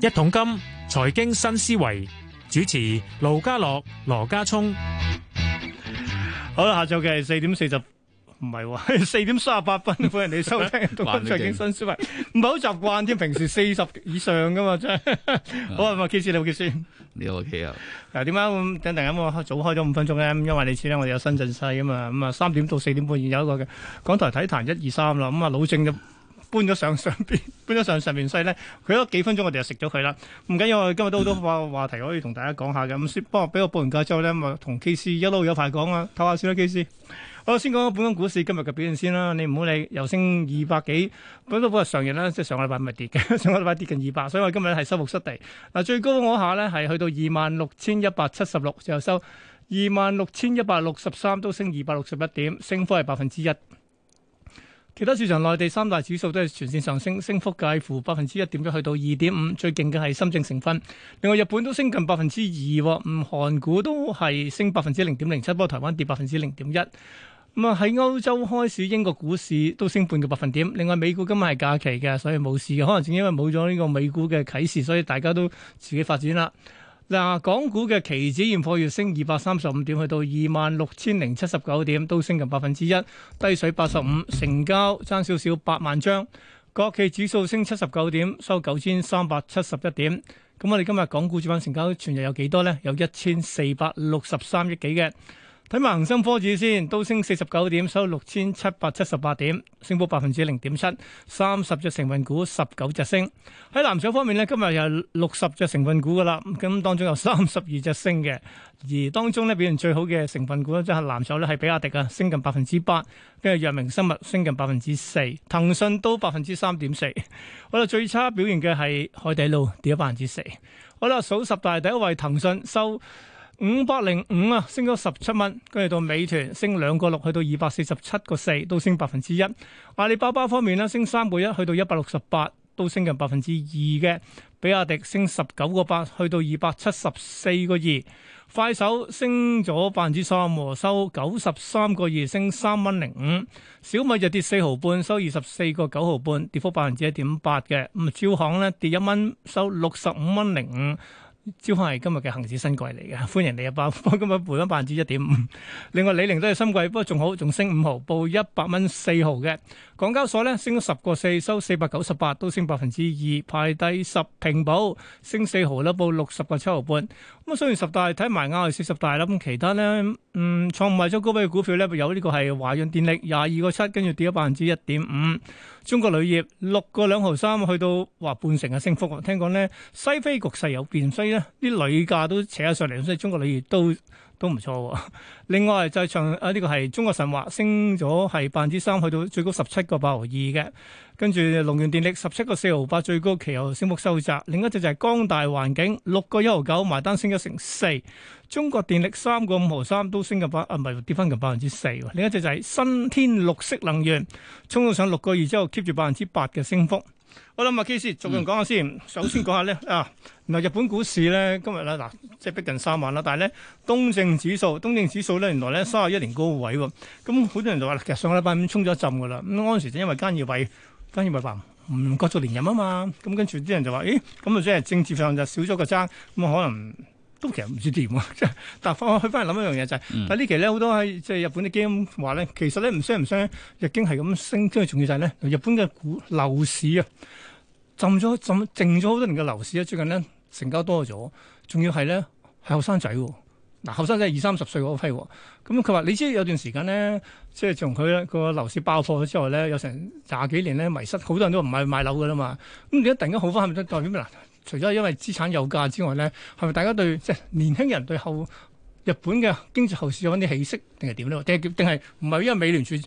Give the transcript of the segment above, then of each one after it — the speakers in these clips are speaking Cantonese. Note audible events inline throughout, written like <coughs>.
一桶金，財經新思維，主持盧家樂、羅家聰。好啦，下晝嘅係四點四點四十...唔係喎，四點三十八分，嗯，搬咗上上邊，搬咗上上邊曬咧。佢得幾分鐘我了了，我哋就食咗佢啦。唔緊要，我今日都好多話題可以同大家講下嘅。咁先幫我俾我報完價之後咧，咁我同 K C 一路有排講啊，唞下先啦，K C。好，先講下本港股市今日嘅表現先啦。你唔好理，又升二百幾，本都本係常日啦，即係上個禮拜唔係跌嘅，上個禮拜跌近二百，所以我今日係收復失地。嗱，最高嗰下咧係去到二萬六千一百七十六，就收二萬六千一百六十三，都升二百六十一點，升幅係百分之一。其他市場內地三大指數都係全線上升，升幅介乎百分之一點一去到二點五，最勁嘅係深證成分。另外日本都升近百分之二，哦、韓股都係升百分之零點零七，不過台灣跌百分之零點一。咁啊喺歐洲開始，英國股市都升半個百分點。另外美股今日係假期嘅，所以冇事嘅。可能正因為冇咗呢個美股嘅啟示，所以大家都自己發展啦。嗱，港股嘅期指現貨月升二百三十五點，去到二萬六千零七十九點，都升近百分之一，低水八十五，成交爭少少八萬張。國企指數升七十九點，收九千三百七十一點。咁我哋今日港股主板成交全日有幾多呢？有一千四百六十三億幾嘅。睇埋恒生科指先，都升四十九點，收六千七百七十八點，升幅百分之零點七。三十隻成分股，十九隻升。喺藍籌方面呢，今日有六十隻成分股噶啦，咁當中有三十二隻升嘅。而當中咧表現最好嘅成分股咧，即係藍籌咧係比亞迪啊，升近百分之八。跟住藥明生物升近百分之四，騰訊都百分之三點四。好啦，最差表現嘅係海底撈，跌咗百分之四。好啦，數十大第一位，騰訊收五百零五啊，升咗十七蚊，跟住到美團升兩個六，去到二百四十七個四，都升百分之一。阿里巴巴方面咧，升三個一，去到一百六十八，都升近百分之二嘅。比亞迪升十九個八，去到二百七十四個二。快手升咗百分之三，收九十三個二，升三蚊零五。小米就跌四毫半，收二十四個九毫半，跌幅百分之一點八嘅。唔，招行咧跌一蚊，收六十五蚊零五。招行係今日嘅恆指新貴嚟嘅，歡迎你啊，包 <laughs> 今日賠咗百分之一點五。另外李寧都係新貴，不過仲好，仲升五毫，報一百蚊四毫嘅。港交所咧升咗十個四，收四百九十八，都升百分之二，排第十，平保升四毫啦，報六十個七毫半。咁啊，雖然十大睇埋啱係四十大啦，咁其他咧，嗯，創賣咗高位嘅股票咧，有呢個係華潤電力廿二個七，跟住跌咗百分之一點五。中國鋁業六個兩毫三，去到哇半成嘅升幅。聽講咧，西非局勢有變，所以咧啲鋁價都扯咗上嚟，所以中國鋁業都。都唔錯喎。另外就係長啊，呢個係中國神華升咗係百分之三，去到最高十七個八毫二嘅。跟住龍源電力十七個四毫八，最高期後升幅收窄。另一隻就係光大環境六個一毫九埋單升咗成四。中國電力三個五毫三都升咗百啊，唔係跌翻近百分之四。另一隻就係新天綠色能源，衝到上六個二之後 keep 住百分之八嘅升幅。我諗麥基先，逐樣講下先。首先講下咧啊，原來日本股市咧今日咧嗱，即係逼近三萬啦。但係咧，東證指數，東證指數咧原來咧三十一年高位喎。咁好多人就話其實上個禮拜五衝咗一浸噶啦。咁陣時就因為菅義偉，菅義偉話，唔繼續連任啊嘛。咁跟住啲人就話，咦，咁即係政治上就少咗個爭，咁可能。都其實唔知點啊，即係但係去翻嚟諗一樣嘢就係，但係、就是嗯、呢期咧好多即係日本啲基金話咧，其實咧唔聲唔聲，日經係咁升，跟住仲要就係咧，日本嘅股樓市啊，浸咗浸淨咗好多年嘅樓市啊，最近咧成交多咗，仲要係咧係後生仔喎，嗱後生仔二三十歲嗰批喎、啊，咁佢話你知有段時間咧，即係從佢咧個樓市爆破咗之後咧，有成廿幾年咧迷失，好多人都唔買買樓噶啦嘛，咁你一突然間好翻係咪代表咩嗱？ <laughs> 除咗因為資產有價之外呢，係咪大家對即係年輕人對後日本嘅經濟後市有啲起色定係點呢？定係定係唔係因為美聯儲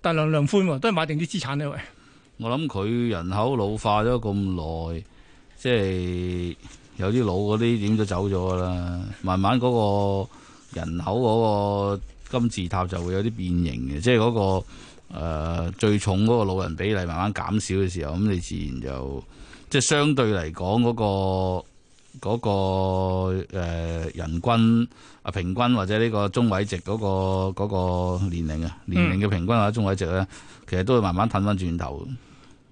大量量寬都係買定啲資產呢？我諗佢人口老化咗咁耐，即係有啲老嗰啲點都走咗噶啦，慢慢嗰個人口嗰個金字塔就會有啲變形嘅，即係嗰個、呃、最重嗰個老人比例慢慢減少嘅時候，咁你自然就。即係相對嚟講嗰個嗰個、嗰個、呃、人均啊平均或者呢個中位值嗰個、嗰個嗰個、嗰個年齡啊年齡嘅平均或者中位值咧，其實都會慢慢褪返轉頭，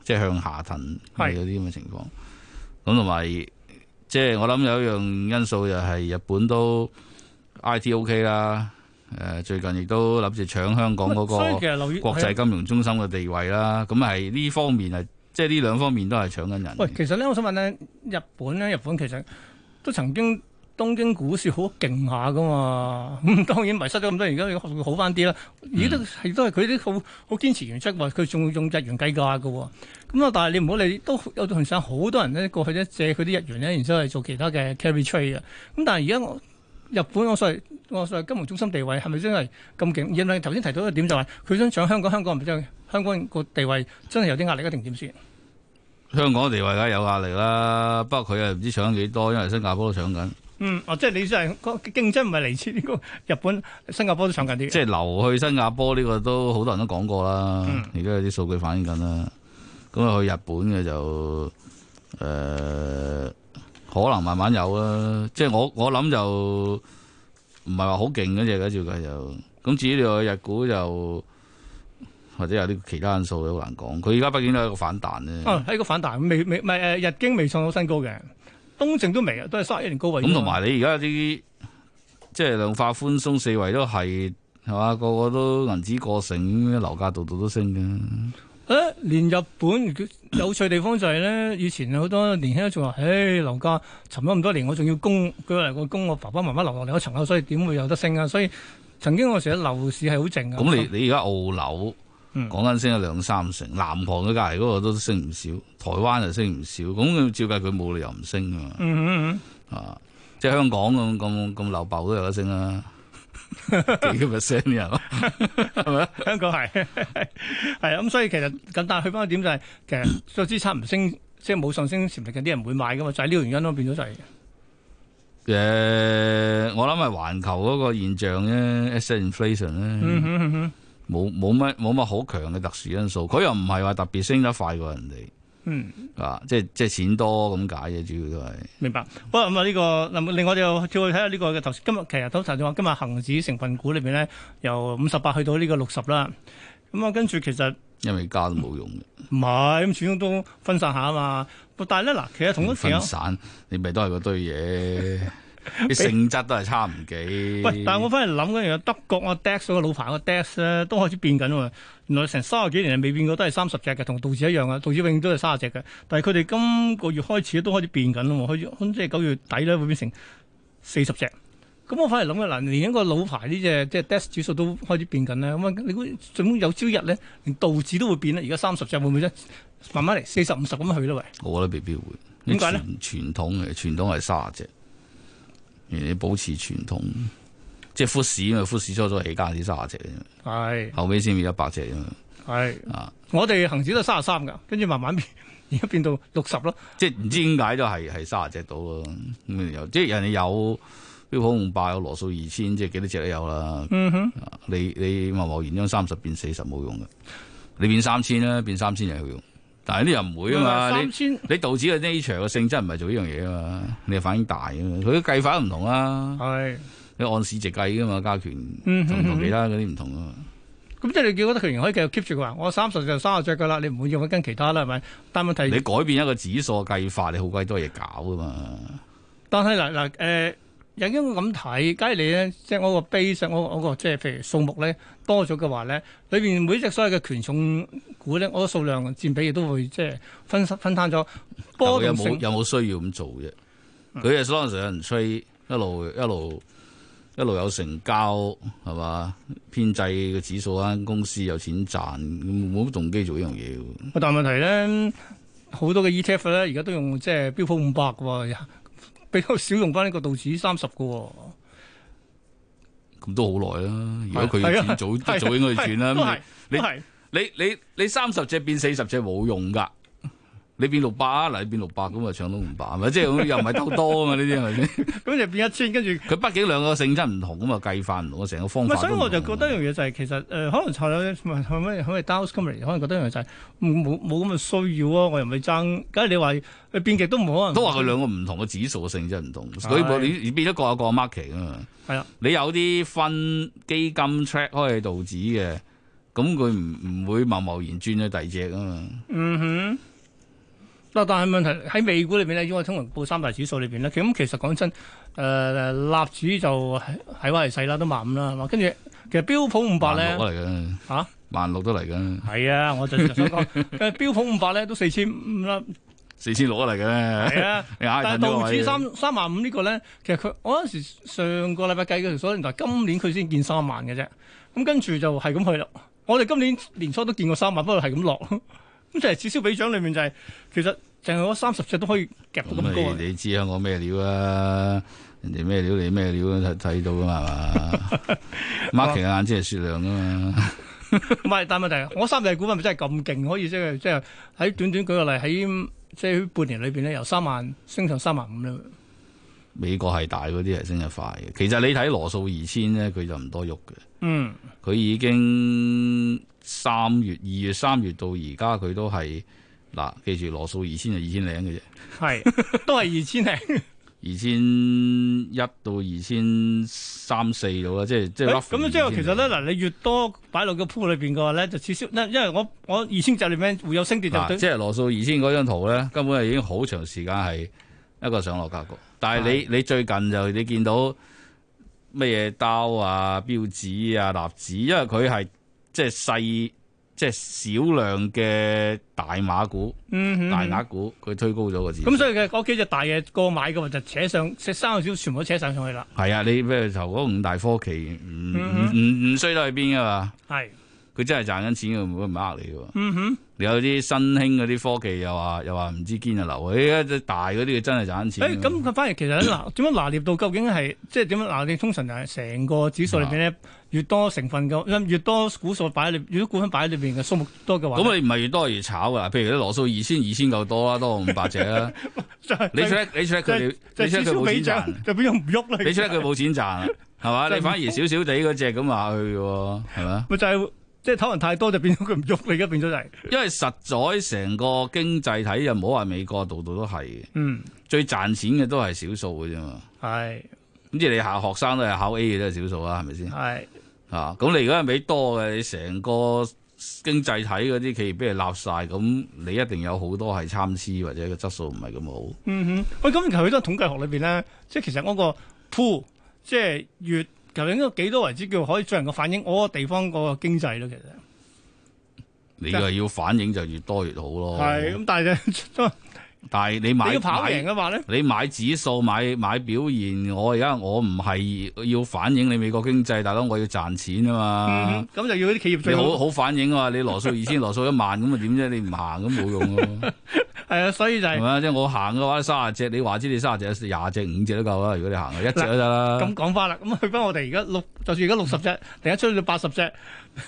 即係向下褪是有啲咁嘅情況。咁同埋即係我諗有一樣因素又係日本都 I T O K 啦，誒、呃、最近亦都諗住搶香港嗰個國際金融中心嘅地位啦。咁係呢方面係。即係呢兩方面都係搶緊人。喂，其實咧，我想問咧，日本咧，日本其實都曾經東京股市好勁下噶嘛。咁 <laughs> 當然迷失咗咁多年，而家又學好翻啲啦。而都係都係佢啲好好堅持原則，話佢仲用日元計價噶、哦。咁、嗯、啊，但係你唔好理，都有啲同事好多人咧過去咧借佢啲日元咧，然之後係做其他嘅 carry trade 嘅。咁但係而家我日本我所謂我所謂金融中心地位係咪真係咁勁？因為頭先提到一個點就係、是、佢想搶香港，香港係咪真係。香港個地位真係有啲壓力一定點先？香港地位梗係有壓力啦，不過佢又唔知搶咗幾多，因為新加坡都搶緊。嗯，哦、啊，即係你即係、這個競爭唔係嚟自呢個日本、新加坡都搶緊啲。即係流去新加坡呢個都好多人都講過啦，而家、嗯、有啲數據反映緊啦。咁、嗯、啊去日本嘅就誒、呃、可能慢慢有啦。即係我我諗就唔係話好勁嗰隻嘅，照計就咁至於你去日股就。就或者有啲其他因素都好難講。佢而家畢竟都係一個反彈呢啊、哦，一個反彈，未未唔係日經未創到新高嘅，東證都未，都係三十一年高位。咁同埋你而家啲即係量化寬鬆四圍都係係嘛，個個都銀紙過剩，樓價度度都升嘅。誒，連日本有趣地方就係、是、咧，以前好多年輕都仲話，誒、哎、樓價沉咗咁多年，我仲要供，佢話嚟個供，我爸爸媽媽留落嚟嗰層樓，所以點會有得升啊？所以曾經我成日樓市係好靜嘅。咁你你而家澳樓？講緊、嗯、升咗兩三成，南韓嘅隔籬嗰個都升唔少，台灣就升唔少，咁照計佢冇理由唔升啊嘛！嗯嗯嗯啊，即係香港咁咁咁流爆都有得升啦，幾多 percent 啊？係咪香港係係啊，咁所以其實咁，但係去翻個點就係、是，其實個支撐唔升， <coughs> 即係冇上升潛力嘅啲人唔會買噶嘛，就係、是、呢個原因咯、就是，變咗就係。誒，我諗係環球嗰個現象咧，asset inflation 咧。冇冇乜冇乜好強嘅特殊因素，佢又唔係話特別升得快過人哋，嗯啊，即係即係錢多咁解嘅，主要都係明白。不過咁啊呢個，嗱，另外就跳去睇下呢個嘅頭、這個。今日其實都查咗，今日恒指成分股裏邊咧，由五十八去到呢個六十啦。咁啊，跟住其實因為加都冇用嘅，唔係咁，始終都分散下啊嘛。但係咧嗱，其實同一分散，你咪都係嗰堆嘢。 <laughs> 啲比性質都係差唔幾。喂，但係我反而諗嗰樣，德國啊，DAX 個老牌個 DAX 咧都開始變緊啊。原來成三十幾年未變過，都係三十隻嘅，同道指一樣啊。道指永遠都係三十隻嘅，但係佢哋今個月開始都開始變緊啦。去即係九月底咧會變成四十隻。咁我反而諗啊，嗱，連一個老牌呢隻即係 DAX 指數都開始變緊咧。咁你估總有朝日呢，連道指都會變咧？而家三十隻會唔會啫？慢慢嚟，四十五十咁去咯。喂，我覺得未必，必會。點解咧？傳統嘅傳統係三十隻。你保持傳統，即係富時啊！富時初初起家啲三十隻啫，係是後尾先變一百隻啊！係啊是！是我哋恆指都三十三噶，跟住慢慢變而家變到六十咯。即係唔知點解都係係三十隻到咯。咁又即係人哋有啲標普五百，有羅素二千，即係幾多隻都有啦。嗯、哼，你你貿貿然將三十變四十冇用㗎，你變三千啦，變三千又有用。但係呢啲又唔會啊嘛，是是你千你道指嘅 nature 嘅性質唔係做呢樣嘢啊嘛，你反應大啊嘛，佢嘅計法又唔同啦、啊，係是你按市值計噶嘛，加權同其他嗰啲唔同啊嘛，咁、嗯嗯嗯嗯、即係你叫嗰啲權型可以繼續 keep 住佢話，我三十就三十隻噶啦，你唔會用佢跟其他啦係咪？但問題你改變一個指數計法，你好鬼多嘢搞噶嘛。但係嗱嗱誒。呃呃有啲我咁睇，假如你咧，即係我個 basis 我我個即係譬如數目咧多咗嘅話咧，裏邊每隻所謂嘅權重股咧，我個數量佔比亦都會即係分散分，分攤咗。有冇有冇需要咁做啫？佢係嗰時有人吹，一路一路一路有成交，係嘛？編制嘅指數啊，公司有錢賺，冇乜動機做呢樣嘢。但問題咧，好多嘅 ETF 咧，而家都用即係標普五百嘅喎。比較少用翻呢個道指三十個，咁都好耐啦。如果佢要轉早，啊啊啊、早應該要轉啦。你係你你你三十隻變四十隻冇用噶。你變六百嗱，你變六百咁啊，搶到五百，咪即係又唔係多多啊？呢啲係咪先咁就變一千？跟住佢畢竟兩個性質唔同，同，咁啊計法唔同啊，成個方法唔同。所以我就覺得一樣嘢就係、是、其實誒、呃，可能炒友咪係咩？可能 Dow Jones Company 可能覺得一樣就係冇冇咁嘅需要啊。我又唔係爭，梗係你話變極都唔可能。都話佢兩個唔同嘅指數嘅性質唔同，佢你變咗各有各 market 啊嘛。係啊的，你有啲分基金 track 可以道指嘅，咁佢唔唔會貿貿然轉咗第二隻啊嘛。嗯哼。嗱，但係問題喺美股裏邊咧，如果我通常報三大指數裏邊咧，咁其實講真，誒、呃、納指就睇話係細啦，都萬五啦，係嘛？跟住其實標普五百咧嚇，萬六、啊、都嚟緊。係啊，我就想講， <laughs> 標普五百咧都四千五啦，四千六啊嚟嘅。係啊， <laughs> 了但係道指三三萬五呢個咧，其實佢我嗰陣時上個禮拜計嗰條數，所以原來今年佢先見三萬嘅啫。咁跟住就係咁去啦。我哋今年年初都見過三萬，不過係咁落。咁即係至少比獎裏面就係、是，其實淨係嗰三十隻隻都可以夾到咁高你，你知香港咩料啊？人哋咩料你咩料啊？睇到噶嘛？Market 嘅眼睛係雪亮噶嘛？唔係， <laughs> 但問題 <laughs> 我三十隻股份咪真係咁勁，可以即係即係喺短短舉個例，喺即係半年裏邊咧，由三萬升上三萬五咧。美國係大嗰啲係升得快嘅。其實你睇羅素二千咧，佢就唔多喐嘅。嗯，佢已經。嗯三月、二月、三月到而家，佢都係嗱，記住羅素二千就二千零嘅啫，係 <laughs> 都係二千零二千一到二千三四度啦，即係即係咁啊！即係其實咧嗱，你越多擺落個鋪裏邊嘅話咧，就至少因為我我二千集裏邊會有升跌啦就即係羅素二千嗰張圖咧，根本係已經好長時間係一個上落格局，但係你的你最近就你見到咩嘢道啊、標指啊、納指，因為佢係。即係細，即係少量嘅大碼股，嗯、哼大額股，佢推高咗個市。咁所以嘅嗰幾隻大嘅哥買嘅話，就扯上，即三個小全部都扯上上去啦。係啊，你咩如投嗰五大科技，唔唔唔衰得去邊噶嘛？係，佢真係賺緊錢嘅，唔會呃你嘅。嗯哼。嗯哼。有啲新興嗰啲科技又話又話唔知堅呀流，依家啲大嗰啲嘅真係賺錢。咁佢反而其實嗱點樣拿捏到究竟係即係點樣拿捏？通常係成個指數裏邊咧，越多成分嘅越多股數擺喺裏，如果股份擺喺裏邊嘅數目多嘅話，咁你唔係越多越炒噶？譬如啲羅素二千二千夠多啦，多五百隻啦。你出咧，你出佢哋，你出佢冇錢賺，就變咗唔喐啦。你出咧佢冇錢賺，係嘛？你反而少少啲嗰隻咁話去嘅喎，係嘛？咪就係。即係討論太多就變咗佢唔喐你而家變咗就係、是。因為實在成個經濟體又唔好話美國度度都係，嗯，最賺錢嘅都係少數嘅啫嘛。係是，咁即係你下學生都係考 A 嘅都係少數啦，係咪先？係是，啊，咁你如果係俾多嘅，你成個經濟體嗰啲企業俾人立晒，l 咁，你一定有好多係參差或者個質素唔係咁好。嗯哼，喂、哎，咁其實佢都係統計學裏邊咧，即係其實嗰個 pool 即係越。究竟應該幾多為止叫可以將人個反映？我個地方個經濟咯，其實你係要反映就越多越好咯。係咁，但係但係你買你跑贏嘅話咧，你買指數買買表現。我而家我唔係要反映你美國經濟，大佬我要賺錢啊嘛。咁、嗯嗯、就要啲企業最好你好，好反映啊嘛。你羅素二千，羅素一萬，咁啊點啫？你唔行咁冇用咯、啊。係啊、呃，所以就係、是，即係我行嘅話，三十隻你話知你三十隻，廿隻、五隻都夠啦。如果你行，一隻都得啦。咁講翻啦，咁去翻我哋而家六，就算而家六十隻，麼突然間出到八十隻，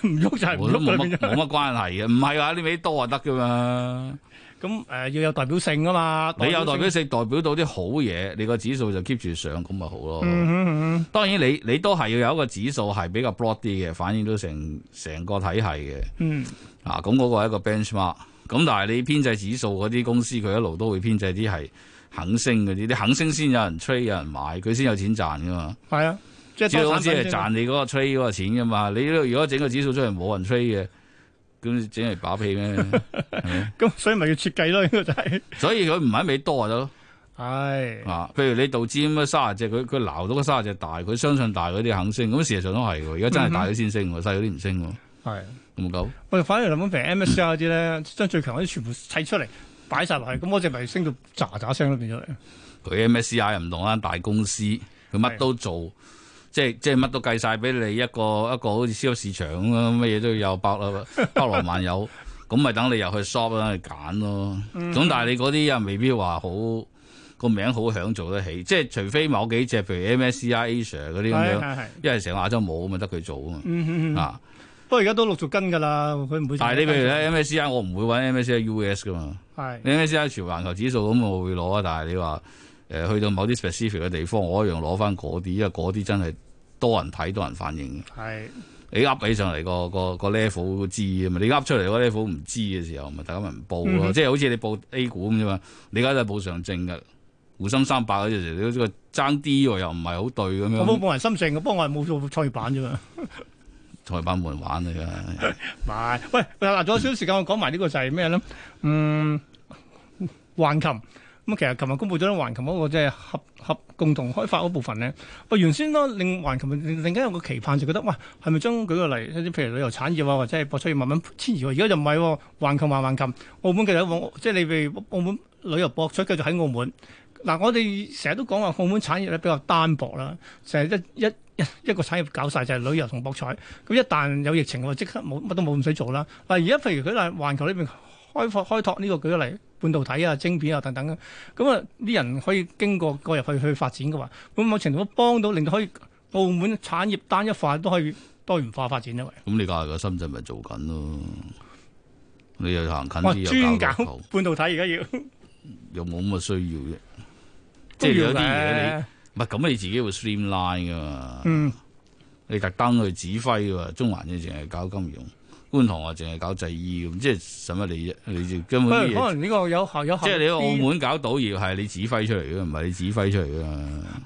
唔喐就唔喐，冇乜冇乜關係嘅。唔係話，呢尾多啊得噶嘛。咁誒、呃，要有代表性啊嘛。你有代表性，代表到啲好嘢，你個指數就 keep 住上，咁咪好咯。嗯哼嗯哼當然你，你你都係要有一個指數係比較 broad 啲嘅，反映到成成個體系嘅。嗯。啊，咁嗰個係一個 benchmark。咁但係你編製指數嗰啲公司，佢一路都會編製啲係肯升嗰啲，你肯升先有人吹，有人買，佢先有錢賺噶嘛。係啊，即係啲公司係賺你嗰個 trade 嗰個錢噶嘛。你如果整個指數出嚟冇人吹嘅，咁整嚟把屁咩？咁所以咪要設計咯，呢個就係。所以佢唔係一味多就得。啊，譬如你道指咁樣卅隻，佢佢撈到嗰卅隻大，佢相信大嗰啲肯升，咁事實上都係。而家真係大嗰先升，細嗰啲唔升。係唔夠？喂，反而諗平 MSCI 啲咧，將最強嗰啲全部砌出嚟，擺晒落去，咁我隻咪升到喳喳聲都變咗。佢 MSCI 又唔同啊，大公司佢乜都做，的即係即係乜都計晒俾你一個一個好似超市場咁啊，乜嘢都有包啦，包羅萬有，咁咪等你又去 shop 啦去揀咯。咁但係你嗰啲又未必話好個名好響做得起，即係除非某幾隻，譬如 MSCI Asia 嗰啲咁樣，因為成個亞洲冇，咪得佢做啊。 <laughs> 不過而家都陸續跟㗎啦，佢唔會。但係你譬如 MSCI 我唔會揾 MSCI U.S. 噶嘛。係 MSCI 全環球指數咁，我會攞啊。但係你話誒、呃、去到某啲 specific 嘅地方，我一樣攞翻嗰啲，因為嗰啲真係多人睇、多人反應嘅。係是你噏起上嚟、個個個 level 知啊嘛，你噏出嚟個 level 唔知嘅時候，咪大家咪唔報咯。嗯、哼即係好似你報 A 股咁啫嘛，你而家都係報上證嘅滬深三百嗰陣時，你都爭啲喎，又唔係好對咁樣。我冇冇人心性嘅，不過我係冇做創業板啫嘛。 <laughs> 台版們玩嚟嘅，咪 <laughs> 喂嗱，仲有少少時間，我講埋呢個就係咩呢？嗯，橫琴咁，其實布琴日公佈咗呢，橫琴嗰個即係合合共同開發嗰部分呢。我原先咯，令橫琴突然間有個期盼，就覺得喂，係咪將舉個例譬如旅遊產業啊，或者係博彩慢慢遷移？而家就唔係喎，橫琴玩橫琴。澳門其實喺往即係你哋澳門旅遊博彩繼續喺澳門。嗱，我哋成日都講話澳門產業咧比較單薄啦，成日一一。一一一一個產業搞晒就係、是、旅遊同博彩，咁一旦有疫情我話，即刻冇乜都冇咁使做啦。但而家譬如佢喺環球呢邊開拓開拓呢個舉例，半導體啊、晶片啊，等等，咁啊啲人可以經過過入去去發展嘅話，咁某程度都幫到，令到可以澳門產業單一化都可以多元化發展因為。咁你家下個深圳咪做緊咯？你又行近啲專搞半導體，而家要有冇咁嘅需要啫？即係有啲嘢你。唔係咁，你自己會 streamline 噶嘛？你特登去指揮喎、啊，中環你淨係搞金融。觀塘啊，淨係搞製衣咁，即係使乜你啫？你就根本可能呢個有效有效，即係你喺澳門搞賭業係你指揮出嚟嘅，唔係你指揮出嚟嘅。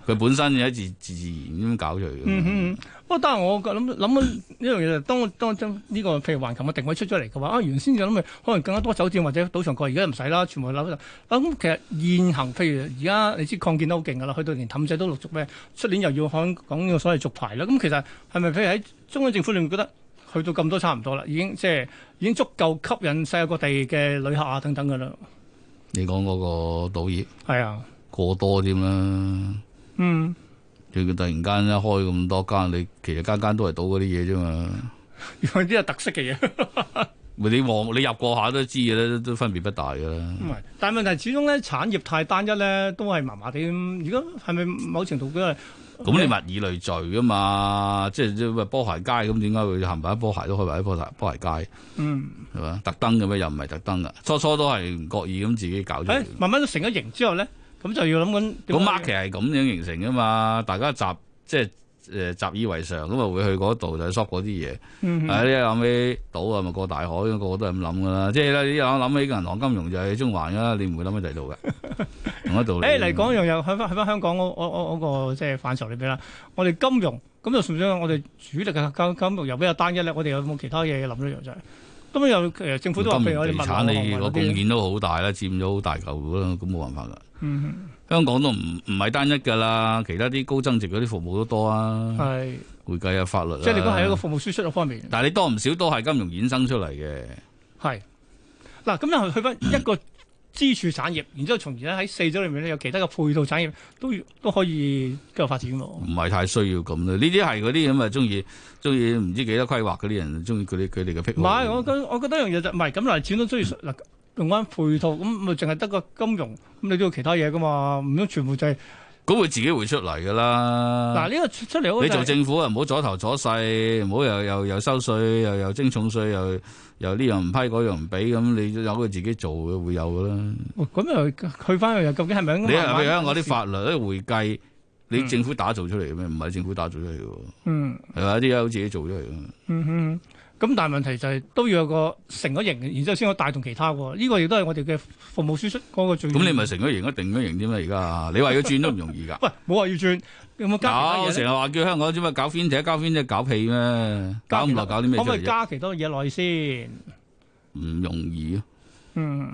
佢本身有一自自自然咁搞出嚟嘅。不過，當然我諗諗呢樣嘢，當當中、這、呢個譬如橫琴嘅定位出咗嚟嘅話，啊原先就諗住可能更加多酒店或者賭場過嚟，而家唔使啦，全部留喺度咁，其實現行譬如而家你知擴建得好勁噶啦，去到連氹仔都陸續咩？出年又要講講呢個所謂續牌啦。咁、啊、其實係咪譬如喺中央政府裏面覺得？去到咁多差唔多啦，已經即係已經足夠吸引世界各地嘅旅客啊等等嘅啦。你講嗰個賭業係啊，過多添啦。嗯，你佢突然間一開咁多間，你其實間間都係賭嗰啲嘢啫嘛。有啲有特色嘅嘢， <laughs> 你望你入過下都知嘅啦，都分別不大嘅啦。唔係，但係問題始終咧產業太單一咧，都係麻麻地。如果係咪某程度嘅？咁你 Okay. 物以類聚啊嘛，即係即係波鞋街咁，點解會行埋一波鞋都開埋一波鞋波鞋街？嗯，係嘛，特登嘅咩？又唔係特登噶，初初都係唔覺意咁自己搞咗。誒、哎，慢慢成咗型之後咧，咁就要諗緊。咁 market 係咁樣形成噶嘛？大家集即係。誒習以為常咁啊，會去嗰度就 shop 嗰啲嘢。啊，你諗起島啊，咪過大海，個個都係咁諗噶啦。即係咧，你諗起銀行金融就係中環噶啦，你唔會諗起第二度嘅同一度。誒嚟講一樣又喺翻香港，我個即係範疇裏邊啦。我哋金融咁就算咗，我哋主力嘅金金融又比較單一咧。我哋有冇其他嘢諗一樣，就咁又政府都話俾我哋問下，金融地產你個貢獻都好大啦，佔咗好大嚿啦，咁冇辦法噶。香港都唔唔係單一㗎啦，其他啲高增值嗰啲服務都多啊。係是會計啊，法律、啊、即係你都係一個服務輸出嘅方面。但係你多唔少都係金融衍生出嚟嘅。係嗱，咁又去翻一個支柱產業，嗯、然之後從而咧喺四周裏面有其他嘅配套產業都，都都可以繼續發展喎。唔係太需要咁咧，呢啲係嗰啲咁啊，中意中意唔知幾多規劃嗰啲人，中意佢啲佢哋嘅癖好。唔係，我覺得我覺得一樣嘢就唔係咁嗱，錢都需要嗱。嗯用翻配套咁咪淨係得個金融，咁你都要其他嘢噶嘛？唔通全部就係、是，佢會自己會出嚟噶啦。嗱、啊，呢、這個出嚟、就是，你做政府啊，唔好阻頭阻勢，唔好又又又收稅，又又徵重稅，又稅又呢樣唔批，嗰樣唔俾，咁你有佢自己做嘅會有噶啦。咁、啊、又去翻又究竟係咪？你又去翻啲法律、啲、啊、會計？你政府打造出嚟嘅咩？唔係政府打造出嚟嘅，係嘛啲友自己做出嚟咯。嗯哼，咁但係問題就係、是、都要有個成咗型，然之後先可以帶動其他。呢個亦都係我哋嘅服務輸出嗰個最。咁你咪成咗型一定咗型啲嘛？而家你話要轉都唔容易噶。喂，冇話要轉，有冇加？搞嘢成日話叫香港只咪搞編者，搞編者搞屁咩？搞唔落搞啲咩？可唔可以加其他嘢落去先？唔容易啊。嗯。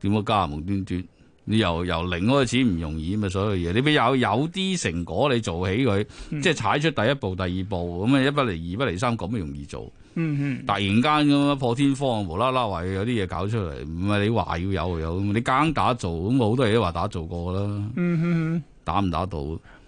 點解加無端端？你由由零開始唔容易嘛，所有嘢你畀有有啲成果你做起佢，嗯、即係踩出第一步、第二步咁啊，一不離二不離三咁容易做。嗯嗯，嗯突然間咁樣破天荒無啦啦話有啲嘢搞出嚟，唔係你話要有有，嗯、你間打做咁，好多人都話打做過啦、嗯。嗯嗯打唔打到？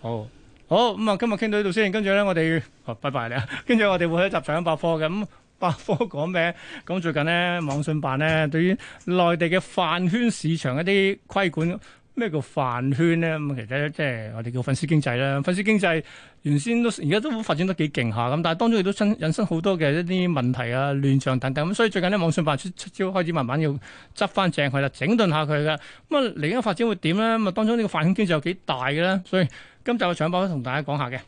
好，好咁啊、嗯，今日傾到呢度先，跟住咧我哋、哦，拜拜你啊，跟住我哋會喺集上百貨嘅咁。嗯百科講咩？咁最近咧，網信辦咧對於內地嘅飯圈市場一啲規管，咩叫飯圈咧？咁其實呢即係我哋叫粉絲經濟啦。粉絲經濟原先都而家都發展得幾勁下咁，但係當中亦都引申好多嘅一啲問題啊、亂象等等。咁所以最近咧，網信辦出出招開始慢慢要執翻正佢啦，整頓下佢噶。咁啊，嚟緊發展會點咧？咁啊，當中呢個飯圈經濟有幾大嘅咧？所以今集嘅搶包都同大家講下嘅。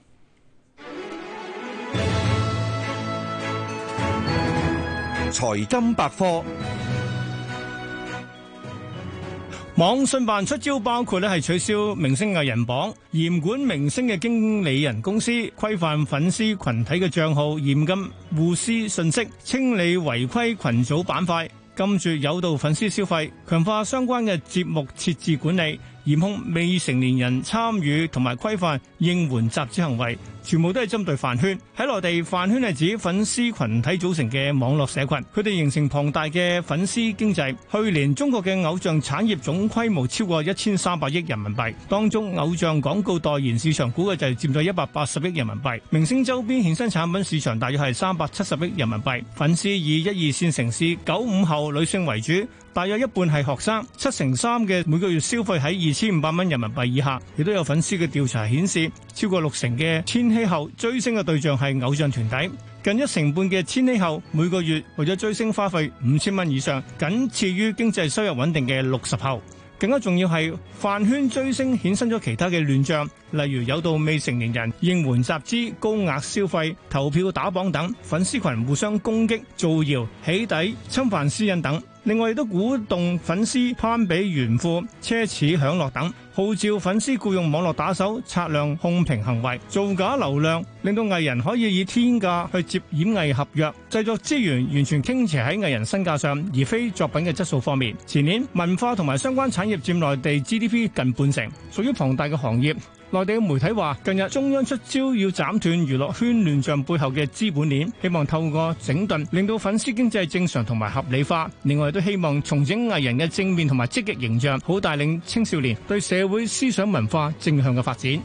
財金百科，網信辦出招包括咧係取消明星藝人榜，嚴管明星嘅經理人公司，規範粉絲群體嘅賬號，嚴禁互撕信息，清理違規群組板塊，禁住誘導粉絲消費，強化相關嘅節目設置管理，嚴控未成年人參與同埋規範應援集資行為。全部都係針對飯圈。喺內地，飯圈係指粉絲群體組成嘅網絡社群，佢哋形成龐大嘅粉絲經濟。去年中國嘅偶像產業，業總規模超過一千三百億人民幣，當中偶像廣告代言市場估計就係佔咗一百八十億人民幣，明星周邊衍生產品市場大約係三百七十億人民幣。粉絲以一二線城市九五後女性為主，大約一半係學生，七成三嘅每個月消費喺二千五百蚊人民幣以下。亦都有粉絲嘅調查顯示，超過六成嘅千後追星嘅對象係偶像團體，近一成半嘅千禧後每個月為咗追星花費五千蚊以上，僅次於經濟收入穩定嘅六十後。更加重要係飯圈追星衍生咗其他嘅亂象，例如誘導未成年人應援集資、高額消費、投票打榜等，粉絲群互相攻擊、造謠、起底、侵犯私隱等。另外，亦都鼓動粉絲攀比炫富、奢侈享樂等，號召粉絲僱用網絡打手刷量、控評行為，造假流量，令到藝人可以以天價去接演藝合約，製作資源完全傾斜喺藝人身價上，而非作品嘅質素方面。前年文化同埋相關產業佔內地 GDP 近半成，屬於龐大嘅行業。內地嘅媒體話，近日中央出招要斬斷娛樂圈亂象背後嘅資本鏈，希望透過整頓，令到粉絲經濟正常同埋合理化。另外，都希望重整藝人嘅正面同埋積極形象，好帶領青少年對社會思想文化正向嘅發展。